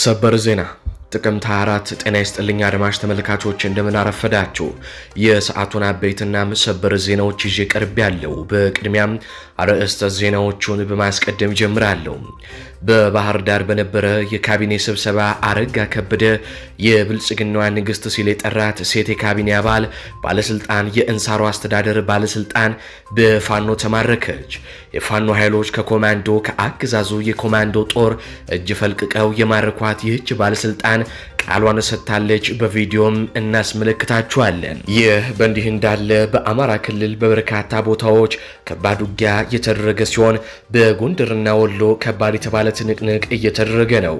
ሰበር ዜና ጥቅምት 24 ጤና ይስጥልኝ አድማጭ ተመልካቾች፣ እንደምናረፈዳችሁ የሰዓቱን አበይትና ሰበር ዜናዎች ይዤ ቀርብ ያለው። በቅድሚያም አርዕስተ ዜናዎቹን በማስቀደም ጀምራለሁ። በባህር ዳር በነበረ የካቢኔ ስብሰባ አረጋ ከበደ የብልጽግናዋ ንግስት ሲል የጠራት ሴት የካቢኔ አባል ባለስልጣን የእንሳሮ አስተዳደር ባለስልጣን በፋኖ ተማረከች። የፋኖ ኃይሎች ከኮማንዶ ከአገዛዙ የኮማንዶ ጦር እጅ ፈልቅቀው የማረኳት ይህች ባለስልጣን ቃሏን ሰጥታለች። በቪዲዮም እናስመለክታችኋለን። ይህ በእንዲህ እንዳለ በአማራ ክልል በበርካታ ቦታዎች ከባድ ውጊያ እየተደረገ ሲሆን በጎንደርና ወሎ ከባድ የተባለ ትንቅንቅ እየተደረገ ነው።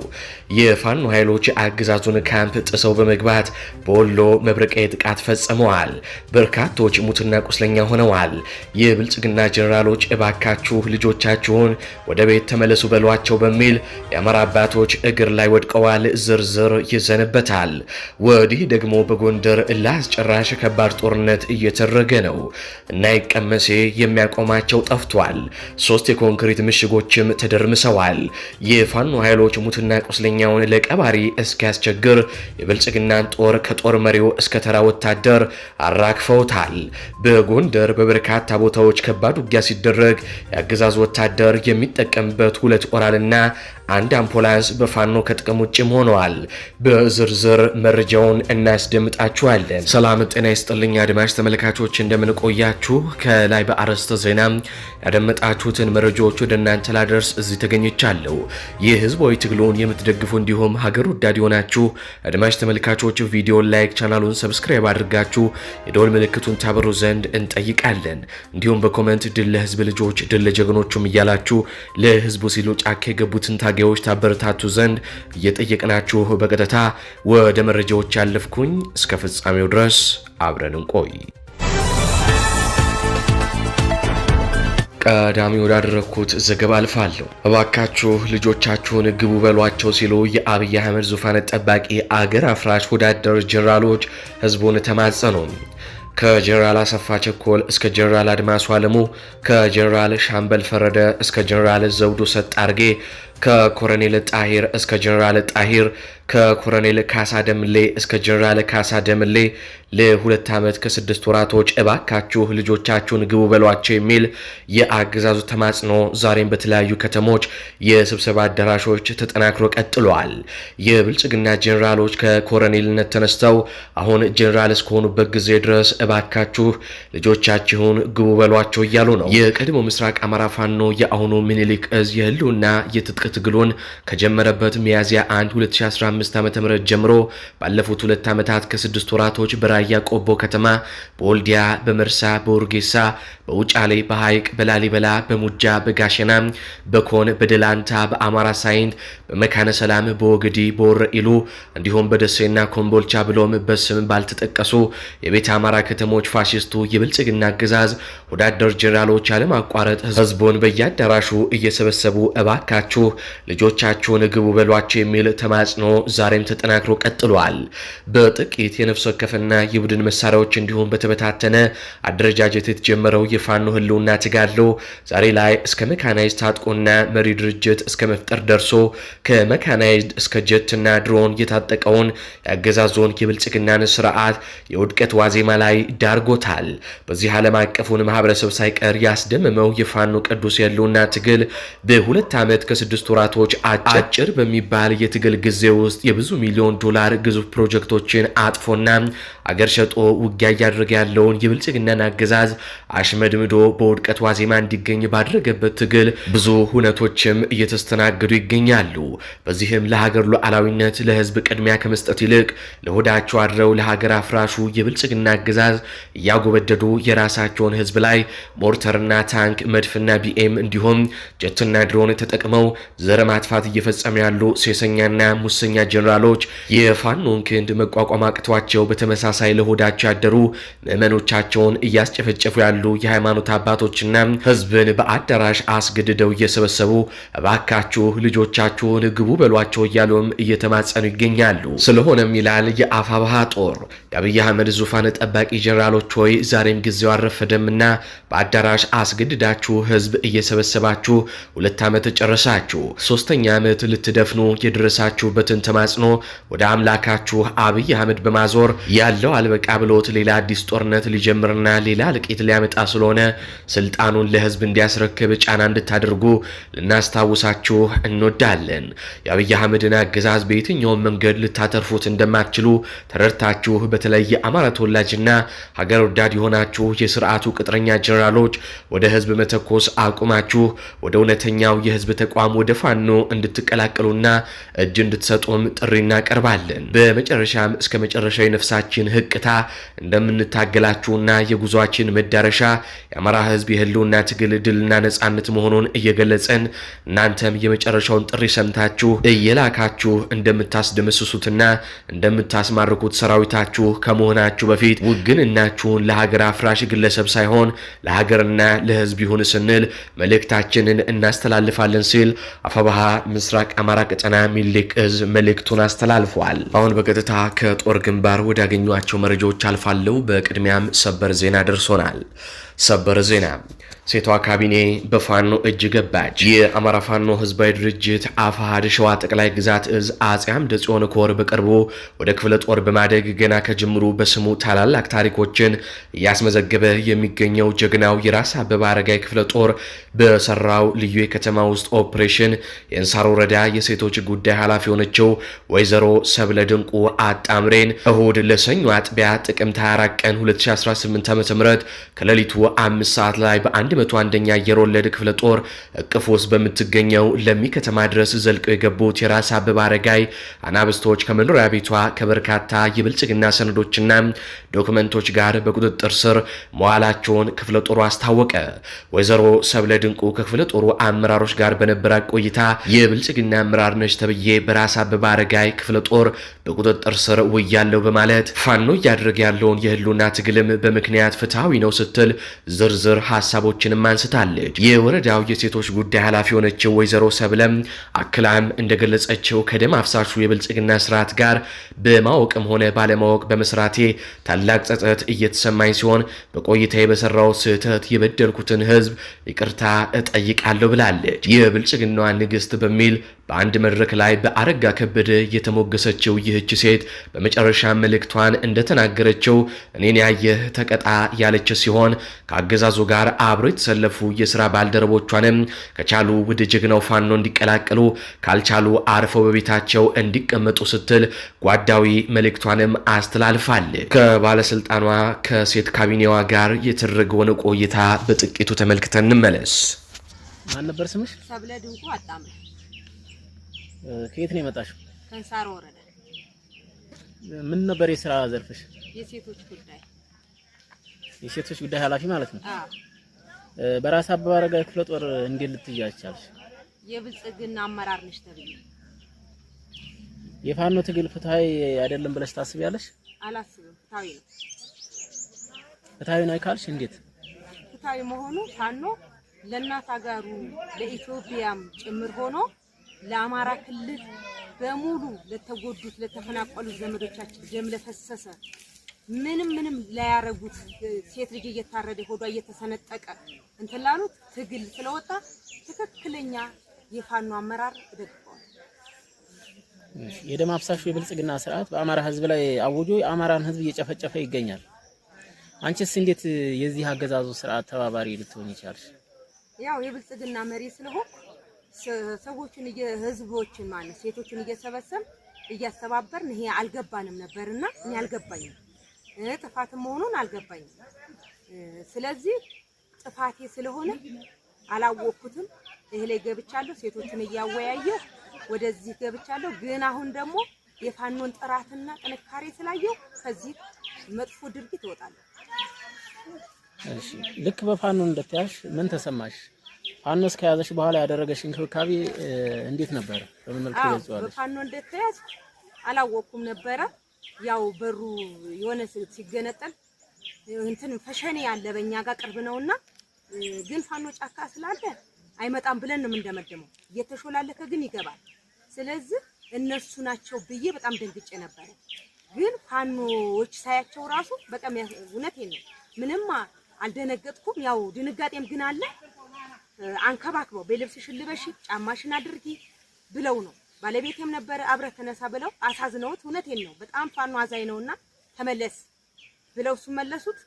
የፋኖ ኃይሎች አገዛዙን ካምፕ ጥሰው በመግባት በወሎ መብረቃዊ ጥቃት ፈጽመዋል። በርካቶች ሙትና ቁስለኛ ሆነዋል። የብልጽግና ጀኔራሎች እባካችሁ ልጆቻችሁን ወደ ቤት ተመለሱ በሏቸው በሚል የአማራ አባቶች እግር ላይ ወድቀዋል። ዝርዝር ይዘን ይሰንበታል። ወዲህ ደግሞ በጎንደር ላስጨራሽ ከባድ ጦርነት እየተደረገ ነው እና ይቀመሴ የሚያቆማቸው ጠፍቷል። ሶስት የኮንክሪት ምሽጎችም ተደርምሰዋል። የፋኖ ኃይሎች ሙትና ቁስለኛውን ለቀባሪ እስኪያስቸግር የብልጽግናን ጦር ከጦር መሪው እስከ ተራ ወታደር አራግፈውታል። በጎንደር በበርካታ ቦታዎች ከባድ ውጊያ ሲደረግ የአገዛዝ ወታደር የሚጠቀምበት ሁለት ኦራልና አንድ አምፖላንስ በፋኖ ከጥቅም ውጭም ሆነዋል። በ በዝርዝር መረጃውን እናስደምጣችኋለን። ሰላም ጤና ይስጥልኝ አድማጭ ተመልካቾች፣ እንደምንቆያችሁ ከላይ በአርዕስተ ዜና ያደመጣችሁትን መረጃዎች ወደ እናንተ ላደርስ እዚህ ተገኝቻለሁ። ይህ ህዝባዊ ትግሉን የምትደግፉ እንዲሁም ሀገር ወዳድ የሆናችሁ አድማጭ ተመልካቾች ቪዲዮን ላይክ፣ ቻናሉን ሰብስክራይብ አድርጋችሁ የደወል ምልክቱን ታበሩ ዘንድ እንጠይቃለን። እንዲሁም በኮመንት ድል ለህዝብ ልጆች ድል ለጀግኖቹም እያላችሁ ለህዝቡ ሲሉ ጫካ የገቡትን ታጋዮች ታበረታቱ ዘንድ እየጠየቅናችሁ በቀጥታ ወደ መረጃዎች ያለፍኩኝ፣ እስከ ፍጻሜው ድረስ አብረን እንቆይ። ቀዳሚ ወዳደረግኩት ዘገባ አልፋለሁ። እባካችሁ ልጆቻችሁን ግቡ በሏቸው ሲሉ የአብይ አህመድ ዙፋን ጠባቂ አገር አፍራሽ ወዳደር ጀነራሎች ህዝቡን ተማጸኑ። ከጀነራል አሰፋ ቸኮል እስከ ጀነራል አድማሱ አለሙ፣ ከጀነራል ሻምበል ፈረደ እስከ ጀነራል ዘውዱ ሰጥ አርጌ ከኮረኔል ጣሂር እስከ ጀኔራል ጣሂር ከኮረኔል ካሳ ደምሌ እስከ ጀኔራል ካሳ ደምሌ ለሁለት ዓመት ከስድስት ወራቶች እባካችሁ ልጆቻችሁን ግቡ በሏቸው የሚል የአገዛዙ ተማጽኖ ዛሬም በተለያዩ ከተሞች የስብሰባ አዳራሾች ተጠናክሮ ቀጥሏል። የብልጽግና ጀኔራሎች ከኮረኔልነት ተነስተው አሁን ጀኔራል እስከሆኑበት ጊዜ ድረስ እባካችሁ ልጆቻችሁን ግቡ በሏቸው እያሉ ነው። የቀድሞ ምስራቅ አማራ ፋኖ የአሁኑ ምኒልክ እዝ የህልውና የትጥቅ ትግሉን ከጀመረበት ሚያዝያ 1 2015 ዓ ም ጀምሮ ባለፉት ሁለት ዓመታት ከስድስት ወራቶች በራያ ቆቦ ከተማ፣ በወልዲያ፣ በመርሳ፣ በኡርጌሳ፣ በውጫሌ፣ በሐይቅ፣ በላሊበላ፣ በሙጃ፣ በጋሸና፣ በኮን፣ በደላንታ፣ በአማራ ሳይንት፣ በመካነ ሰላም፣ በወግዲ፣ በወረኢሉ እንዲሁም በደሴና ኮምቦልቻ ብሎም በስም ባልተጠቀሱ የቤተ አማራ ከተሞች ፋሽስቱ የብልጽግና አገዛዝ ወዳደር ጄኔራሎች አለማቋረጥ ህዝቡን በያዳራሹ እየሰበሰቡ እባካችሁ ልጆቻችሁን ግቡ በሏቸው የሚል ተማጽኖ ዛሬም ተጠናክሮ ቀጥሏል። በጥቂት የነፍስ ወከፍና የቡድን መሳሪያዎች እንዲሁም በተበታተነ አደረጃጀት የተጀመረው የፋኖ ህልውና ተጋድሎ ዛሬ ላይ እስከ መካናይዝድ ታጥቆና መሪ ድርጅት እስከ መፍጠር ደርሶ ከመካናይዝድ እስከ ጀትና ድሮን የታጠቀውን የአገዛዞን የብልጽግናን ስርዓት የውድቀት ዋዜማ ላይ ዳርጎታል። በዚህ ዓለም አቀፉን ማህበረሰብ ሳይቀር ያስደመመው የፋኖ ቅዱስ የህልውና ትግል በሁለት ዓመት ከስድስት በስድስት ወራቶች አጭር በሚባል የትግል ጊዜ ውስጥ የብዙ ሚሊዮን ዶላር ግዙፍ ፕሮጀክቶችን አጥፎና አገር ሸጦ ውጊያ እያደረገ ያለውን የብልጽግናን አገዛዝ አሽመድምዶ በውድቀት ዋዜማ እንዲገኝ ባደረገበት ትግል ብዙ ሁነቶችም እየተስተናገዱ ይገኛሉ። በዚህም ለሀገር ሉዓላዊነት ለህዝብ ቅድሚያ ከመስጠት ይልቅ ለሆዳቸው አድረው ለሀገር አፍራሹ የብልጽግና አገዛዝ እያጎበደዱ የራሳቸውን ህዝብ ላይ ሞርተርና ታንክ፣ መድፍና ቢኤም እንዲሁም ጀትና ድሮን ተጠቅመው ዘር ማጥፋት እየፈጸሙ ያሉ ሴሰኛና ሙሰኛ ጀኔራሎች የፋኖን ክንድ መቋቋም አቅቷቸው በተመሳሳይ ለሆዳቸው ያደሩ ምዕመኖቻቸውን እያስጨፈጨፉ ያሉ የሃይማኖት አባቶችና ህዝብን በአዳራሽ አስገድደው እየሰበሰቡ እባካችሁ ልጆቻችሁን ግቡ በሏቸው እያሉም እየተማጸኑ ይገኛሉ። ስለሆነም ይላል የአፋብሃ ጦር የአብይ አህመድ ዙፋን ጠባቂ ጀኔራሎች ሆይ ዛሬም ጊዜው አረፈደምና በአዳራሽ አስገድዳችሁ ህዝብ እየሰበሰባችሁ ሁለት ዓመት ጨረሳችሁ። ሶስተኛ ዓመት ልትደፍኑ የደረሳችሁበትን ተማጽኖ ወደ አምላካችሁ አብይ አህመድ በማዞር ያለው አልበቃ ብሎት ሌላ አዲስ ጦርነት ሊጀምርና ሌላ ልቂት ሊያመጣ ስለሆነ ስልጣኑን ለህዝብ እንዲያስረክብ ጫና እንድታደርጉ ልናስታውሳችሁ እንወዳለን። የአብይ አህመድን አገዛዝ በየትኛውም መንገድ ልታተርፉት እንደማትችሉ ተረድታችሁ በተለይ የአማራ ተወላጅና ሀገር ወዳድ የሆናችሁ የስርዓቱ ቅጥረኛ ጀኔራሎች ወደ ህዝብ መተኮስ አቁማችሁ ወደ እውነተኛው የህዝብ ተቋም ወደ ፋኖ እንድትቀላቀሉና እጅ እንድትሰጡም ጥሪ እናቀርባለን። በመጨረሻም እስከ መጨረሻ የነፍሳችን ህቅታ እንደምንታገላችሁና የጉዟችን መዳረሻ የአማራ ህዝብ የህልውና ትግል ድልና ነጻነት መሆኑን እየገለጸን እናንተም የመጨረሻውን ጥሪ ሰምታችሁ እየላካችሁ እንደምታስደመስሱትና እንደምታስማርኩት ሰራዊታችሁ ከመሆናችሁ በፊት ውግንናችሁን ለሀገር አፍራሽ ግለሰብ ሳይሆን ለሀገርና ለህዝብ ይሁን ስንል መልእክታችንን እናስተላልፋለን ሲል አፈባሃ ምስራቅ አማራ ቀጠና ሚሊክ እዝ መልእክቱን አስተላልፏል። አሁን በቀጥታ ከጦር ግንባር ወዳገኟቸው መረጃዎች አልፋለሁ። በቅድሚያም ሰበር ዜና ደርሶናል። ሰበር ዜና ሴቷ ካቢኔ በፋኖ እጅ ገባች። የአማራ ፋኖ ህዝባዊ ድርጅት አፋሃድ ሸዋ ጠቅላይ ግዛት እዝ አጼ አምደ ጽዮን ኮር በቅርቡ ወደ ክፍለ ጦር በማደግ ገና ከጅምሩ በስሙ ታላላቅ ታሪኮችን እያስመዘገበ የሚገኘው ጀግናው የራስ አበባ አረጋይ ክፍለ ጦር በሰራው ልዩ የከተማ ውስጥ ኦፕሬሽን የእንሳር ወረዳ የሴቶች ጉዳይ ኃላፊ የሆነችው ወይዘሮ ሰብለ ድንቁ አጣምሬን እሁድ ለሰኞ አጥቢያ ጥቅምት 24 ቀን 2018 ዓ ም ከሌሊቱ አምስት ሰዓት ላይ በአንድ መቶ አንደኛ አየር ወለድ ክፍለ ጦር እቅፍ ውስጥ በምትገኘው ለሚ ከተማ ድረስ ዘልቀው የገቡት የራስ አበበ አረጋይ አናብስቶች ከመኖሪያ ቤቷ ከበርካታ የብልጽግና ሰነዶችና ዶክመንቶች ጋር በቁጥጥር ስር መዋላቸውን ክፍለ ጦሩ አስታወቀ። ወይዘሮ ሰብለ ድንቁ ከክፍለ ጦሩ አመራሮች ጋር በነበራት ቆይታ የብልጽግና አመራር ነች ተብዬ በራስ አበበ አረጋይ ክፍለ ጦር በቁጥጥር ስር ውያለው በማለት ፋኖ እያደረገ ያለውን የህልውና ትግልም በምክንያት ፍትሐዊ ነው ስትል ዝርዝር ሀሳቦች ሀሳቦችንም አንስታለች። የወረዳው የሴቶች ጉዳይ ኃላፊ የሆነችው ወይዘሮ ሰብለም አክላም እንደገለጸችው ከደም አፍሳሹ የብልጽግና ስርዓት ጋር በማወቅም ሆነ ባለማወቅ በመስራቴ ታላቅ ጸጸት እየተሰማኝ ሲሆን በቆይታዬ በሰራው ስህተት የበደልኩትን ህዝብ ይቅርታ እጠይቃለሁ ብላለች። የብልጽግናዋ ንግስት በሚል በአንድ መድረክ ላይ በአረጋ ከበደ የተሞገሰችው ይህች ሴት በመጨረሻ መልእክቷን እንደተናገረችው እኔን ያየህ ተቀጣ ያለች ሲሆን ከአገዛዙ ጋር አብረው የተሰለፉ የሥራ ባልደረቦቿንም ከቻሉ ወደ ጀግናው ፋኖ እንዲቀላቀሉ ካልቻሉ አርፈው በቤታቸው እንዲቀመጡ ስትል ጓዳዊ መልእክቷንም አስተላልፋል። ከባለስልጣኗ ከሴት ካቢኔዋ ጋር የተደረገውን ቆይታ በጥቂቱ ተመልክተን እንመለስ። ማን ነበር ስምሽ? ከየት ነው የመጣሽው? ከእንሳር ወረዳ። ምን ነበር የስራ ዘርፍሽ? የሴቶች ጉዳይ። የሴቶች ጉዳይ ኃላፊ ማለት ነው። አዎ። በራስ አበበ አረጋዊ ክፍለ ጦር እንዴት ልትያዝ የብልጽግና አመራር ነሽ ተብዬ። የፋኖ ትግል ፍትሃዊ አይደለም ብለሽ ታስቢያለሽ? አላስብም። ፍትሃዊ ነው። ፍትሃዊ ነው ካልሽ እንዴት? ፍትሃዊ መሆኑ ፋኖ ለእናት አገሩ ለኢትዮጵያም ጭምር ሆኖ ለአማራ ክልል በሙሉ ለተጎዱት ለተፈናቀሉት ዘመዶቻችን ደም ለፈሰሰ ምንም ምንም ላያረጉት ሴት ልጅ እየታረደ ሆዷ እየተሰነጠቀ እንትን ላሉት ትግል ስለወጣ ትክክለኛ የፋኖ አመራር እደግፈዋል። የደም አፍሳሹ የብልጽግና ስርዓት በአማራ ህዝብ ላይ አውጆ የአማራን ህዝብ እየጨፈጨፈ ይገኛል። አንቺስ እንዴት የዚህ አገዛዙ ስርዓት ተባባሪ ልትሆን ይቻልሽ? ያው የብልጽግና መሪ ስለሆንኩ ሰዎችን ህዝቦችን ማለት ሴቶችን እየሰበሰብ እያስተባበርን ይሄ አልገባንም ነበርና እኔ አልገባኝም፣ ጥፋትም መሆኑን አልገባኝም። ስለዚህ ጥፋቴ ስለሆነ አላወቅኩትም። ይሄ ላይ ገብቻለሁ፣ ሴቶችን እያወያየሁ ወደዚህ ገብቻለሁ። ግን አሁን ደግሞ የፋኖን ጥራትና ጥንካሬ ስላየው ከዚህ መጥፎ ድርጊት እወጣለሁ። ልክ በፋኖ እንደተያሽ ምን ተሰማሽ? ፋኖስ ከያዘሽ በኋላ ያደረገሽ እንክብካቤ እንዴት ነበረ? በምን መልኩ ይገልጸዋለሽ? ፋኖ እንደተያዝኩ አላወቅኩም ነበረ። ያው በሩ የሆነ ሲገነጠል እንትን ፈሸኔ ያለ በእኛ ጋር ቅርብ ነውና፣ ግን ፋኖ ጫካ ስላለ አይመጣም ብለን ነው የምንደመደመው። እየተሾላለከ ግን ይገባል። ስለዚህ እነሱ ናቸው ብዬ በጣም ደንግጬ ነበረ። ግን ፋኖዎች ሳያቸው ራሱ በጣም እውነቴን ነው ምንም አልደነገጥኩም። ያው ድንጋጤም ግን አለ አንከባክበው በልብስሽን ሽልበሽ ጫማሽን አድርጊ ብለው ነው ባለቤቴም ነበረ አብረህ ተነሳ ብለው አሳዝነውት፣ እውነቴን ነው በጣም ፋኖ አዛኝ ነውና ተመለስ ብለው እሱ መለሱት።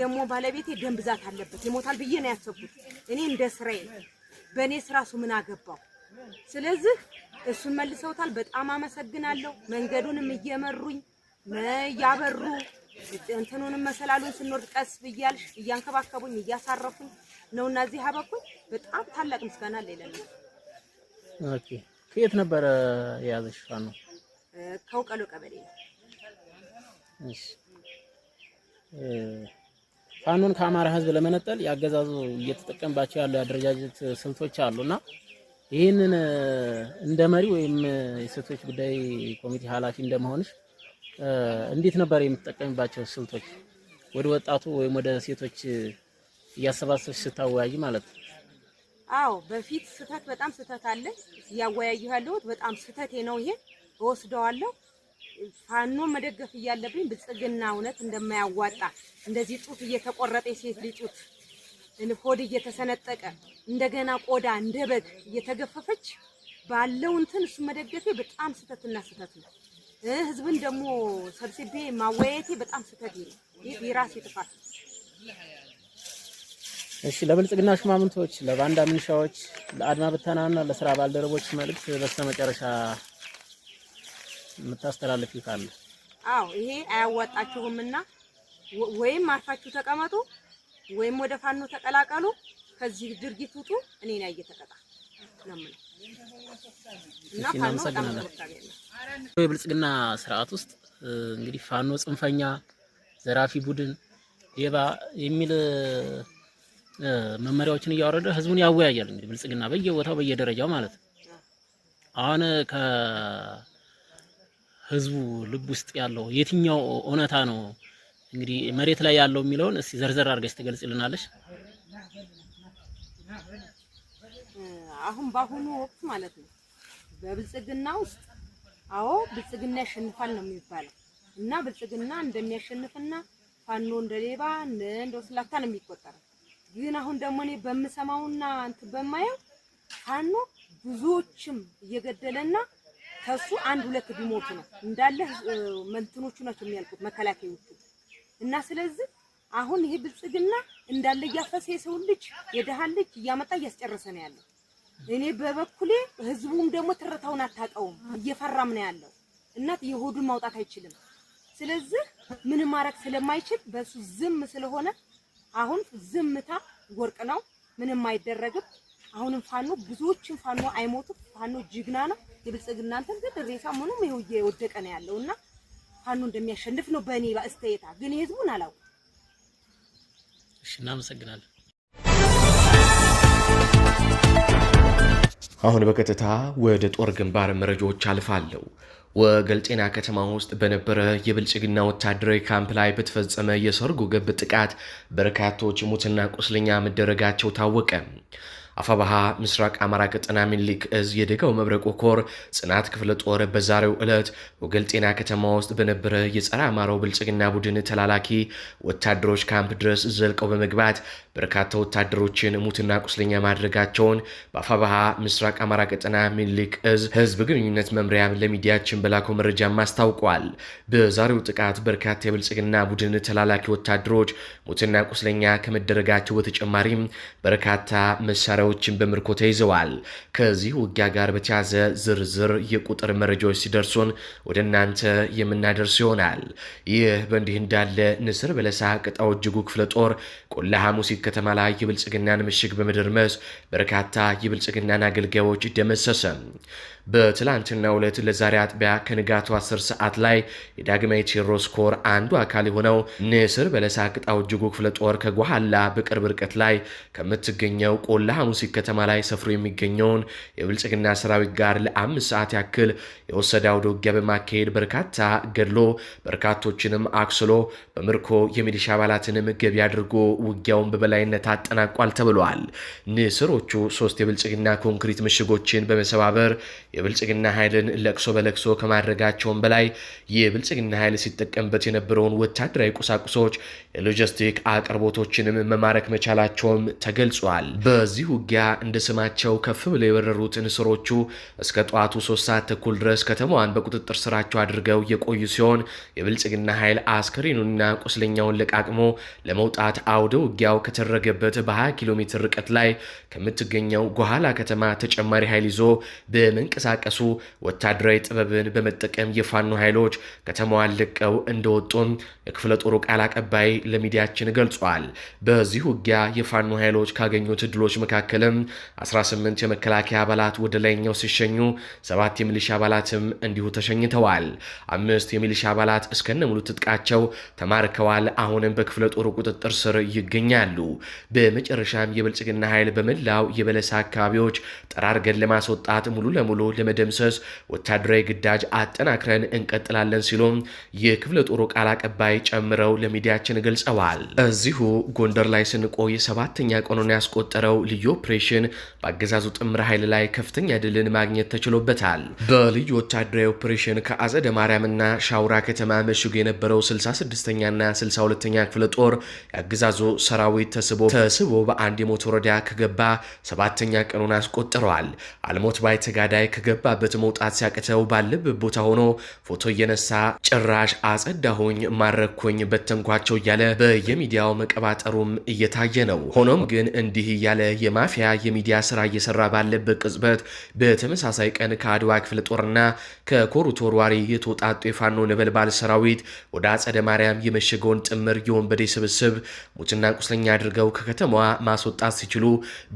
ደግሞ ባለቤቴ ደም ብዛት አለበት ይሞታል ብዬ ነው ያሰብኩት። እኔ እንደ ስራዬ በእኔ ስራ እሱ ምን አገባው? ስለዚህ እሱን መልሰውታል። በጣም አመሰግናለሁ። መንገዱንም እየመሩኝ እያበሩ እንትኑንም መሰላሉን ስንወርድ ቀስ ብያልሽ እያንከባከቡኝ እያሳረፉኝ ነውና እዚህ በኩል በጣም ታላቅ ምስጋና ለሌለ ኦኬ። ከየት ነበረ የያዘሽ ፋኖ? ከውቀሎ ቀበሌ ነው። እሺ ፋኖን ከአማራ ህዝብ ለመነጠል ያገዛዙ እየተጠቀምባቸው ያሉ የአደረጃጀት ስልቶች አሉና ይህንን እንደ መሪ ወይም የሴቶች ጉዳይ ኮሚቴ ኃላፊ እንደመሆንሽ እንዴት ነበር የምትጠቀምባቸው ስልቶች ወደ ወጣቱ ወይም ወደ ሴቶች እያሰባሰብሽ ስታወያይ ማለት ነው። አዎ በፊት ስህተት በጣም ስህተት አለ። እያወያየሁ ያለሁት በጣም ስህተቴ ነው። ይሄ እወስደዋለሁ። ፋኖ መደገፍ እያለብኝ ብልጽግና እውነት እንደማያዋጣ እንደዚህ ጡት እየተቆረጠ የሴት ልጅ ጡት ሆድ እየተሰነጠቀ እንደገና ቆዳ እንደ በግ እየተገፈፈች ባለው እንትን እሱ መደገፌ በጣም ስህተትና ስህተት ነው። ህዝብን ደግሞ ሰብስቤ ማወያየቴ በጣም ስህተት ነው። ይህ የራሴ ጥፋት እሺ ለብልጽግና ሽማምንቶች፣ ለባንዳ ምንሻዎች፣ ለአድማ ብተናና ለስራ ባልደረቦች መልእክት በስተመጨረሻ የምታስተላልፍ ይካል? አዎ ይሄ አያዋጣችሁምና ወይም አርፋችሁ ተቀመጡ ወይም ወደ ፋኖ ተቀላቀሉ፣ ከዚህ ድርጊት ውጡ፣ እኔን ያየ ተቀጣ እና ፋኖ የብልጽግና ስርዓት ውስጥ እንግዲህ ፋኖ ጽንፈኛ፣ ዘራፊ ቡድን፣ ሌባ የሚል መመሪያዎችን እያወረደ ህዝቡን ያወያያል። እንግዲህ ብልጽግና በየቦታው በየደረጃው ማለት ነው። አሁን ከህዝቡ ልብ ውስጥ ያለው የትኛው እውነታ ነው እንግዲህ መሬት ላይ ያለው የሚለውን እስቲ ዘርዘር አድርገሽ ትገልጽልናለሽ? አሁን በአሁኑ ወቅት ማለት ነው በብልጽግና ውስጥ አዎ ብልጽግና ያሸንፋል ነው የሚባለው እና ብልጽግና እንደሚያሸንፍና ፋኖ እንደሌባ እንደ ወስላታ ነው የሚቆጠረው ግን አሁን ደግሞ እኔ በምሰማውና እንትን በማየው ፋኖ ብዙዎችም እየገደለና ከሱ አንድ ሁለት ቢሞቱ ነው እንዳለ መንትኖቹ ናቸው የሚያልቁት መከላከያዎቹ እና ስለዚህ አሁን ይሄ ብልጽግና እንዳለ እያፈሰ የሰውን ልጅ የደሃን ልጅ እያመጣ እያስጨረሰ ነው ያለው። እኔ በበኩሌ ህዝቡም ደግሞ ትርታውን አታውቀውም እየፈራም ነው ያለው እናት የሆዱን ማውጣት አይችልም። ስለዚህ ምን ማድረግ ስለማይችል በሱ ዝም ስለሆነ አሁን ዝምታ ወርቅ ነው፣ ምንም አይደረግም። አሁንም ፋኖ ብዙዎችን ፋኖ አይሞትም። ፋኖ ጅግና ነው። የብልጽግና እንትን ግን ሬሳ ምኑም ይኸው እየወደቀ ነው ያለው እና ፋኖ እንደሚያሸንፍ ነው በእኔ በስተየታ ግን የህዝቡን አላውቅም። እሺ እናመሰግናለን። አሁን በቀጥታ ወደ ጦር ግንባር መረጃዎች አልፋለሁ። ወገልጤና ከተማ ውስጥ በነበረ የብልጽግና ወታደራዊ ካምፕ ላይ በተፈጸመ የሰርጎ ገብ ጥቃት በርካቶች ሙትና ቁስለኛ መደረጋቸው ታወቀ። አፋባሃ ምስራቅ አማራ ቀጠና ሚኒሊክ እዝ የደጋው መብረቆ ኮር ጽናት ክፍለ ጦር በዛሬው ዕለት ወገል ጤና ከተማ ውስጥ በነበረ የጸረ አማራው ብልጽግና ቡድን ተላላኪ ወታደሮች ካምፕ ድረስ ዘልቀው በመግባት በርካታ ወታደሮችን ሙትና ቁስለኛ ማድረጋቸውን በአፋባሃ ምስራቅ አማራ ቀጠና ሚኒሊክ እዝ ህዝብ ግንኙነት መምሪያ ለሚዲያችን በላከው መረጃም አስታውቋል። በዛሬው ጥቃት በርካታ የብልጽግና ቡድን ተላላኪ ወታደሮች ሙትና ቁስለኛ ከመደረጋቸው በተጨማሪም በርካታ መሳሪያ ባንዲራዎችን በምርኮ ተይዘዋል። ከዚህ ውጊያ ጋር በተያዘ ዝርዝር የቁጥር መረጃዎች ሲደርሱን ወደ እናንተ የምናደርስ ይሆናል። ይህ በእንዲህ እንዳለ ንስር በለሳ ቅጣው እጅጉ ክፍለ ጦር ቆላ ሐሙሲት ከተማ ላይ የብልጽግናን ምሽግ በመደርመስ በርካታ የብልጽግናን አገልጋዮች ደመሰሰ። በትላንትና ዕለት ለዛሬ አጥቢያ ከንጋቱ 10 ሰዓት ላይ የዳግማዊ ቴዎድሮስ ኮር አንዱ አካል የሆነው ንስር በለሳ ቅጣው እጅጉ ክፍለ ጦር ከጓሃላ በቅርብ ርቀት ላይ ከምትገኘው ቆላ ሐሙሲት ከተማ ላይ ሰፍሮ የሚገኘውን የብልጽግና ሰራዊት ጋር ለአምስት ሰዓት ያክል የወሰደ አውደ ውጊያ በማካሄድ በርካታ ገድሎ በርካቶችንም አክስሎ በምርኮ የሚሊሻ አባላትንም ገቢ አድርጎ ውጊያውን በበላይነት አጠናቋል ተብሏል። ንስሮቹ ሶስት የብልጽግና ኮንክሪት ምሽጎችን በመሰባበር የብልጽግና ኃይልን ለቅሶ በለቅሶ ከማድረጋቸውም በላይ የብልጽግና ኃይል ሲጠቀምበት የነበረውን ወታደራዊ ቁሳቁሶች፣ የሎጂስቲክ አቅርቦቶችንም መማረክ መቻላቸውም ተገልጿል። በዚህ ውጊያ እንደ ስማቸው ከፍ ብለው የበረሩት ንስሮቹ እስከ ጠዋቱ ሶስት ሰዓት ተኩል ድረስ ከተማዋን በቁጥጥር ስራቸው አድርገው የቆዩ ሲሆን የብልጽግና ኃይል አስከሬኑንና ቁስለኛውን ለቃቅሞ ለመውጣት አውደ ውጊያው ከተደረገበት በ20 ኪሎ ሜትር ርቀት ላይ ከምትገኘው ጎኋላ ከተማ ተጨማሪ ኃይል ይዞ በመንቀ ሲንቀሳቀሱ ወታደራዊ ጥበብን በመጠቀም የፋኖ ኃይሎች ከተማዋን ለቀው እንደወጡም የክፍለ ጦሩ ቃል አቀባይ ለሚዲያችን ገልጿል። በዚህ ውጊያ የፋኖ ኃይሎች ካገኙት ድሎች መካከልም 18 የመከላከያ አባላት ወደ ላይኛው ሲሸኙ፣ ሰባት የሚሊሻ አባላትም እንዲሁ ተሸኝተዋል። አምስት የሚሊሻ አባላት ሙሉ ትጥቃቸው ተማርከዋል። አሁንም በክፍለ ጦሩ ቁጥጥር ስር ይገኛሉ። በመጨረሻም የብልጽግና ኃይል በመላው የበለሳ አካባቢዎች ጠራርገን ለማስወጣት ሙሉ ለሙሉ ለመደምሰስ ወታደራዊ ግዳጅ አጠናክረን እንቀጥላለን ሲሉም የክፍለ ጦሩ ቃል አቀባይ ጨምረው ለሚዲያችን ገልጸዋል። እዚሁ ጎንደር ላይ ስንቆይ ሰባተኛ ቀኑን ያስቆጠረው ልዩ ኦፕሬሽን በአገዛዙ ጥምር ኃይል ላይ ከፍተኛ ድልን ማግኘት ተችሎበታል። በልዩ ወታደራዊ ኦፕሬሽን ከአጸደ ማርያምና ሻውራ ከተማ መሽጎ የነበረው 66ኛና 62ኛ ክፍለ ጦር የአገዛዙ ሰራዊት ተስቦ ተስቦ በአንድ የሞት ወረዳ ከገባ ሰባተኛ ቀኑን አስቆጥረዋል። አልሞት ባይ ተጋዳይ ከገባበት መውጣት ሲያቅተው ባለበት ቦታ ሆኖ ፎቶ እየነሳ ጭራሽ አጸዳሁኝ፣ ማረኩኝ፣ በተንኳቸው እያለ በየሚዲያው መቀባጠሩም እየታየ ነው። ሆኖም ግን እንዲህ እያለ የማፊያ የሚዲያ ስራ እየሰራ ባለበት ቅጽበት በተመሳሳይ ቀን ከአድዋ ክፍለ ጦርና ከኮሩ ተወርዋሪ የተውጣጡ የፋኖ ነበልባል ሰራዊት ወደ አጸደ ማርያም የመሸገውን ጥምር የወንበዴ ስብስብ ሙትና ቁስለኛ አድርገው ከከተማዋ ማስወጣት ሲችሉ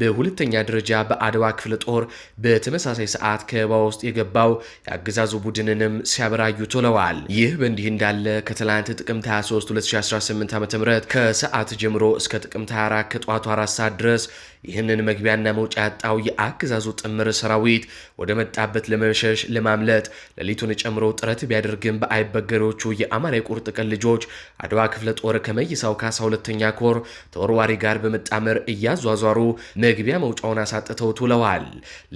በሁለተኛ ደረጃ በአድዋ ክፍለ ጦር በተመሳሳይ ሰዓት ከበባ ውስጥ የገባው የአገዛዙ ቡድንንም ሲያበራዩ ቶለዋል። ይህ በእንዲህ እንዳለ ከትላንት ጥቅምት 23 2018 ዓ.ም ከሰዓት ጀምሮ እስከ ጥቅምት 24 ከጠዋቱ 4 ሰዓት ድረስ ይህንን መግቢያና መውጫ ያጣው የአገዛዙ ጥምር ሰራዊት ወደ መጣበት ለመሸሽ ለማምለጥ ሌሊቱን ጨምሮ ጥረት ቢያደርግም በአይበገሬዎቹ የአማራ የቁርጥ ቀን ልጆች አድዋ ክፍለ ጦር ከመይሳው ካሳ ሁለተኛ ኮር ተወርዋሪ ጋር በመጣመር እያዟዟሩ መግቢያ መውጫውን አሳጥተው ውለዋል።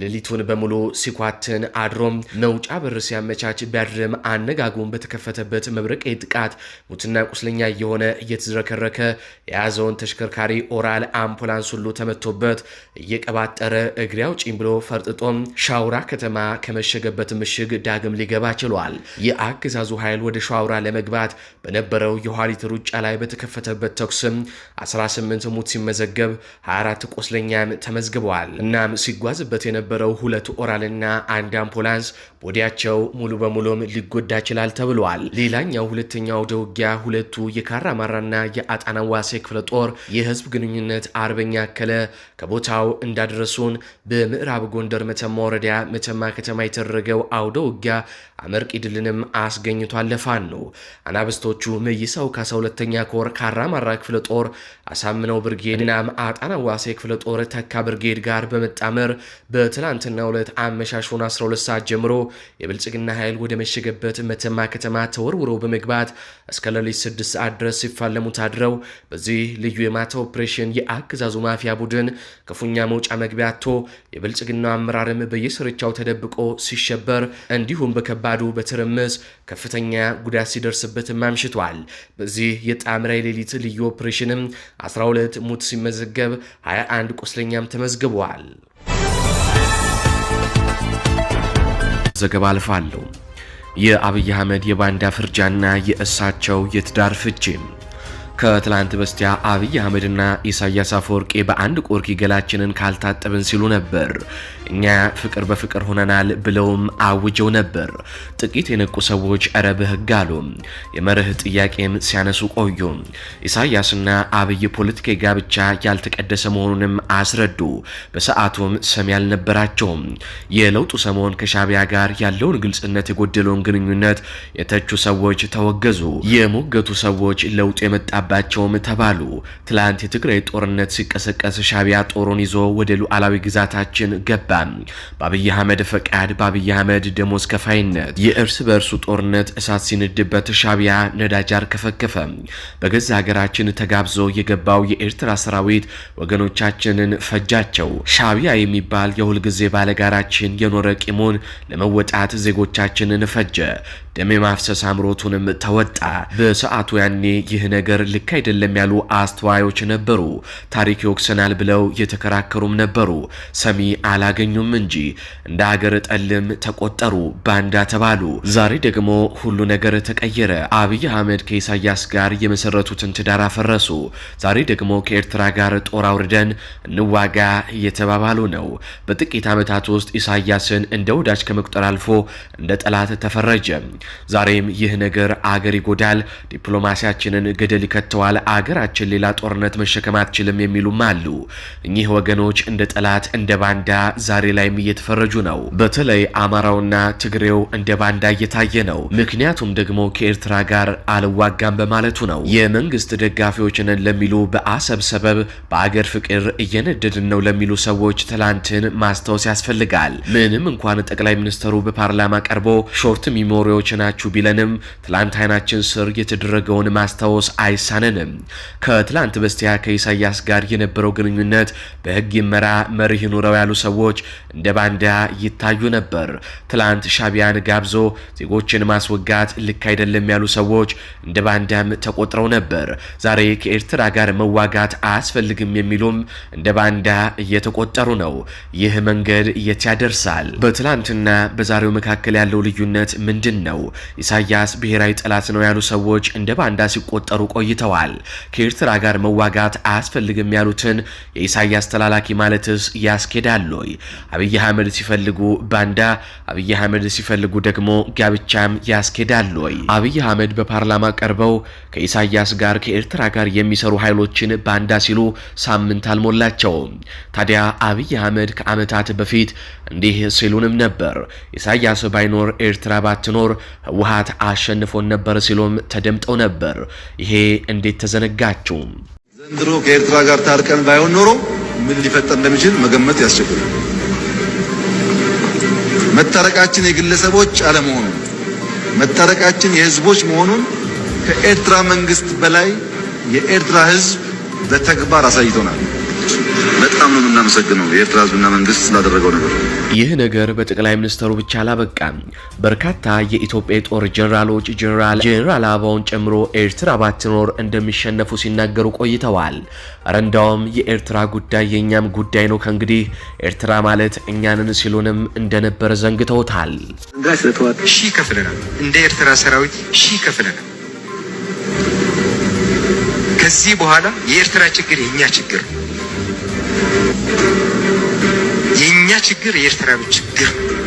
ሌሊቱን በሙሉ ሲኳትን አድሮም መውጫ በር ሲያመቻች ቢያድርም አነጋጉን በተከፈተበት መብረቃዊ ጥቃት ሙትና ቁስለኛ እየሆነ እየተዝረከረከ የያዘውን ተሽከርካሪ ኦራል አምፑላንስ ሁሉ ተመቶበት እየቀባጠረ እግሬ አውጪኝ ብሎ ፈርጥጦም ሻው ሸዋውራ ከተማ ከመሸገበት ምሽግ ዳግም ሊገባ ችሏል። የአገዛዙ ኃይል ወደ ሸዋውራ ለመግባት በነበረው የኋሊት ሩጫ ላይ በተከፈተበት ተኩስም 18 ሙት ሲመዘገብ 24 ቆስለኛም ተመዝግበዋል። እናም ሲጓዝበት የነበረው ሁለት ኦራልና አንድ አምፑላንስ ቦዲያቸው ሙሉ በሙሉም ሊጎዳ ችላል ተብሏል። ሌላኛው ሁለተኛው ሁለቱ የካራ ሁለቱ የካራማራና የአጣናዋሴ ክፍለ ጦር የህዝብ ግንኙነት አርበኛ ከለ ከቦታው እንዳደረሱን በምዕራብ ጎንደር መተማ ወረዳ መተማ ከተማ የተደረገው አውደ ውጊያ አመርቂ ድልንም አስገኝቷል። ፋኖ ነው አናብስቶቹ መይሳው ካሳ ሁለተኛ ኮር ከአራማራ ክፍለ ጦር አሳምነው ብርጌድ ና አጣና ዋሴ ክፍለ ጦር ተካ ብርጌድ ጋር በመጣመር በትላንትና ሁለት አመሻሹን 12 ሰዓት ጀምሮ የብልጽግና ኃይል ወደ መሸገበት መተማ ከተማ ተወርውረው በመግባት እስከ ሌሊት 6 ሰዓት ድረስ ሲፋለሙ ታድረው በዚህ ልዩ የማታ ኦፕሬሽን የአገዛዙ ማፊያ ቡድን ክፉኛ መውጫ መግቢያ አቶ የብልጽግናው አመራርም በየስር በዳርቻው ተደብቆ ሲሸበር እንዲሁም በከባዱ በትርምስ ከፍተኛ ጉዳት ሲደርስበትም አምሽቷል። በዚህ የጣምራ የሌሊት ልዩ ኦፕሬሽንም 12 ሙት ሲመዘገብ 21 ቁስለኛም ተመዝግበዋል። ዘገባ አልፋለሁ። የአብይ አህመድ የባንዳ ፍርጃና የእሳቸው የትዳር ፍቺም ከትላንት በስቲያ አብይ አህመድና ኢሳያስ አፈወርቄ በአንድ ቆርኪ ገላችንን ካልታጠብን ሲሉ ነበር። እኛ ፍቅር በፍቅር ሆነናል ብለውም አውጀው ነበር። ጥቂት የነቁ ሰዎች እረ በህግ አሉ። የመርህ ጥያቄም ሲያነሱ ቆዩ። ኢሳያስና አብይ ፖለቲካዊ ጋብቻ ያልተቀደሰ መሆኑንም አስረዱ። በሰዓቱም ሰሚ አልነበራቸውም። የለውጡ ሰሞን ከሻቢያ ጋር ያለውን ግልጽነት የጎደለውን ግንኙነት የተቹ ሰዎች ተወገዙ። የሞገቱ ሰዎች ለውጡ የመጣ አለባቸውም ተባሉ። ትላንት የትግራይ ጦርነት ሲቀሰቀስ ሻቢያ ጦሩን ይዞ ወደ ሉዓላዊ ግዛታችን ገባ። በአብይ አህመድ ፈቃድ፣ በአብይ አህመድ ደሞዝ ከፋይነት የእርስ በእርሱ ጦርነት እሳት ሲንድበት ሻቢያ ነዳጅ አርከፈከፈ። በገዛ ሀገራችን ተጋብዞ የገባው የኤርትራ ሰራዊት ወገኖቻችንን ፈጃቸው። ሻቢያ የሚባል የሁልጊዜ ባለጋራችን የኖረ ቂሙን ለመወጣት ዜጎቻችንን ፈጀ። ደም ማፍሰስ አምሮቱንም ተወጣ። በሰዓቱ ያኔ ይህ ነገር ልክ አይደለም ያሉ አስተዋዮች ነበሩ። ታሪክ ይወቅሰናል ብለው የተከራከሩም ነበሩ። ሰሚ አላገኙም እንጂ እንደ ሀገር ጠልም ተቆጠሩ፣ ባንዳ ተባሉ። ዛሬ ደግሞ ሁሉ ነገር ተቀየረ። አብይ አህመድ ከኢሳያስ ጋር የመሰረቱትን ትዳር አፈረሱ። ዛሬ ደግሞ ከኤርትራ ጋር ጦር አውርደን እንዋጋ እየተባባሉ ነው። በጥቂት ዓመታት ውስጥ ኢሳያስን እንደ ወዳጅ ከመቁጠር አልፎ እንደ ጠላት ተፈረጀ። ዛሬም ይህ ነገር አገር ይጎዳል፣ ዲፕሎማሲያችንን ገደል ይከታል ተከተዋል። አገራችን ሌላ ጦርነት መሸከም አትችልም የሚሉም አሉ። እኚህ ወገኖች እንደ ጠላት እንደ ባንዳ ዛሬ ላይም እየተፈረጁ ነው። በተለይ አማራውና ትግሬው እንደ ባንዳ እየታየ ነው። ምክንያቱም ደግሞ ከኤርትራ ጋር አልዋጋም በማለቱ ነው። የመንግስት ደጋፊዎችን ለሚሉ በአሰብ ሰበብ በአገር ፍቅር እየነደድን ነው ለሚሉ ሰዎች ትላንትን ማስታወስ ያስፈልጋል። ምንም እንኳን ጠቅላይ ሚኒስተሩ በፓርላማ ቀርቦ ሾርት ሚሞሪዎች ናችሁ ቢለንም ትላንት አይናችን ስር የተደረገውን ማስታወስ አይሳ አልቻለንም። ከትላንት በስቲያ ከኢሳያስ ጋር የነበረው ግንኙነት በህግ ይመራ መርህ ይኑረው ያሉ ሰዎች እንደ ባንዳ ይታዩ ነበር። ትላንት ሻቢያን ጋብዞ ዜጎችን ማስወጋት ልክ አይደለም ያሉ ሰዎች እንደ ባንዳም ተቆጥረው ነበር። ዛሬ ከኤርትራ ጋር መዋጋት አያስፈልግም የሚሉም እንደ ባንዳ እየተቆጠሩ ነው። ይህ መንገድ የት ያደርሳል? በትላንትና በዛሬው መካከል ያለው ልዩነት ምንድን ነው? ኢሳያስ ብሔራዊ ጠላት ነው ያሉ ሰዎች እንደ ባንዳ ሲቆጠሩ ቆይተ አስረድተዋል። ከኤርትራ ጋር መዋጋት አያስፈልግም ያሉትን የኢሳያስ ተላላኪ ማለትስ ያስኬዳሉ ወይ? አብይ አህመድ ሲፈልጉ ባንዳ፣ አብይ አህመድ ሲፈልጉ ደግሞ ጋብቻም ያስኬዳሉ ወይ? አብይ አህመድ በፓርላማ ቀርበው ከኢሳያስ ጋር ከኤርትራ ጋር የሚሰሩ ኃይሎችን ባንዳ ሲሉ ሳምንት አልሞላቸውም። ታዲያ አብይ አህመድ ከዓመታት በፊት እንዲህ ሲሉንም ነበር ኢሳያስ ባይኖር ኤርትራ ባትኖር ህወሀት አሸንፎን ነበር ሲሉም ተደምጠው ነበር። ይሄ እንዴት ተዘነጋችው? ዘንድሮ ከኤርትራ ጋር ታርቀን ባይሆን ኖሮ ምን ሊፈጠር እንደሚችል መገመት ያስቸግራል። መታረቃችን የግለሰቦች አለመሆኑ መታረቃችን የህዝቦች መሆኑን ከኤርትራ መንግስት በላይ የኤርትራ ህዝብ በተግባር አሳይቶናል። በጣም ነው የምናመሰግነው የኤርትራ ህዝብና መንግስት ስላደረገው ነገር ይህ ነገር በጠቅላይ ሚኒስትሩ ብቻ አላበቃም። በርካታ የኢትዮጵያ የጦር ጀኔራሎች ጀኔራል ጀኔራል አበባውን ጨምሮ ኤርትራ ባትኖር እንደሚሸነፉ ሲናገሩ ቆይተዋል። ረንዳውም የኤርትራ ጉዳይ የእኛም ጉዳይ ነው ከእንግዲህ ኤርትራ ማለት እኛንን ሲሉንም እንደነበረ ዘንግተውታል። ሺ ከፍለናል፣ እንደ ኤርትራ ሰራዊት ሺ ከፍለናል። ከዚህ በኋላ የኤርትራ ችግር የእኛ ችግር ነው። የእኛ ችግር የኤርትራን ችግር ነው።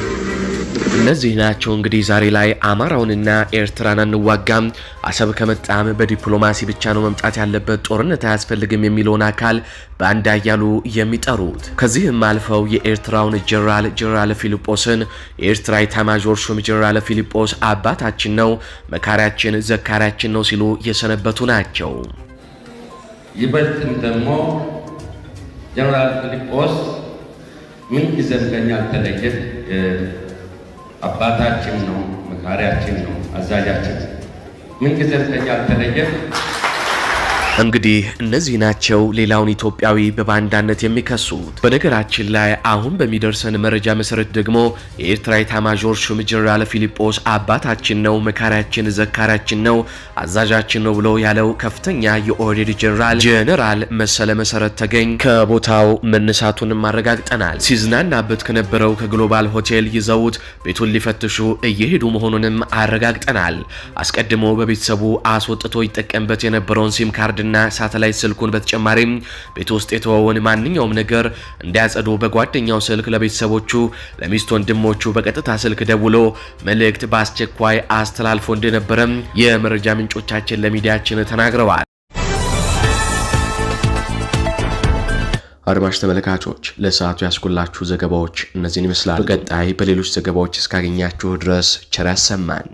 እነዚህ ናቸው እንግዲህ ዛሬ ላይ አማራውንና ኤርትራን አንዋጋም፣ አሰብ ከመጣም በዲፕሎማሲ ብቻ ነው መምጣት ያለበት፣ ጦርነት አያስፈልግም የሚለውን አካል በአንድ እያሉ የሚጠሩት። ከዚህም አልፈው የኤርትራውን ጀራል ጀራል ፊልጶስን የኤርትራ ኤታማዦር ሹም ፊልጶስ አባታችን ነው፣ መካሪያችን፣ ዘካሪያችን ነው ሲሉ የሰነበቱ ናቸው። ይበልጥም ደግሞ ጀነራል ፊልጶስ ምን ጊዜም ከኛ አባታችን ነው፣ መካሪያችን ነው፣ አዛዣችን ምን ጊዜም ከኛ አልተለየም። እንግዲህ እነዚህ ናቸው ሌላውን ኢትዮጵያዊ በባንዳነት የሚከሱት። በነገራችን ላይ አሁን በሚደርሰን መረጃ መሰረት ደግሞ የኤርትራ ኤታማዦር ሹም ጀነራል ፊሊጶስ አባታችን ነው፣ መካሪያችን፣ ዘካሪያችን ነው፣ አዛዣችን ነው ብሎ ያለው ከፍተኛ የኦህዴድ ጀነራል ጀነራል መሰለ መሰረት ተገኝ ከቦታው መነሳቱንም አረጋግጠናል። ሲዝናናበት ከነበረው ከግሎባል ሆቴል ይዘውት ቤቱን ሊፈትሹ እየሄዱ መሆኑንም አረጋግጠናል። አስቀድሞ በቤተሰቡ አስወጥቶ ይጠቀምበት የነበረውን ሲም ካርድ ፓድና ሳተላይት ስልኩን በተጨማሪም ቤት ውስጥ የተወውን ማንኛውም ነገር እንዲያጸዱ በጓደኛው ስልክ ለቤተሰቦቹ፣ ለሚስት ወንድሞቹ በቀጥታ ስልክ ደውሎ መልእክት በአስቸኳይ አስተላልፎ እንደነበረም የመረጃ ምንጮቻችን ለሚዲያችን ተናግረዋል። አድማጭ ተመልካቾች ለሰዓቱ ያስኩላችሁ ዘገባዎች እነዚህን ይመስላል በቀጣይ በሌሎች ዘገባዎች እስካገኛችሁ ድረስ ቸር ያሰማን።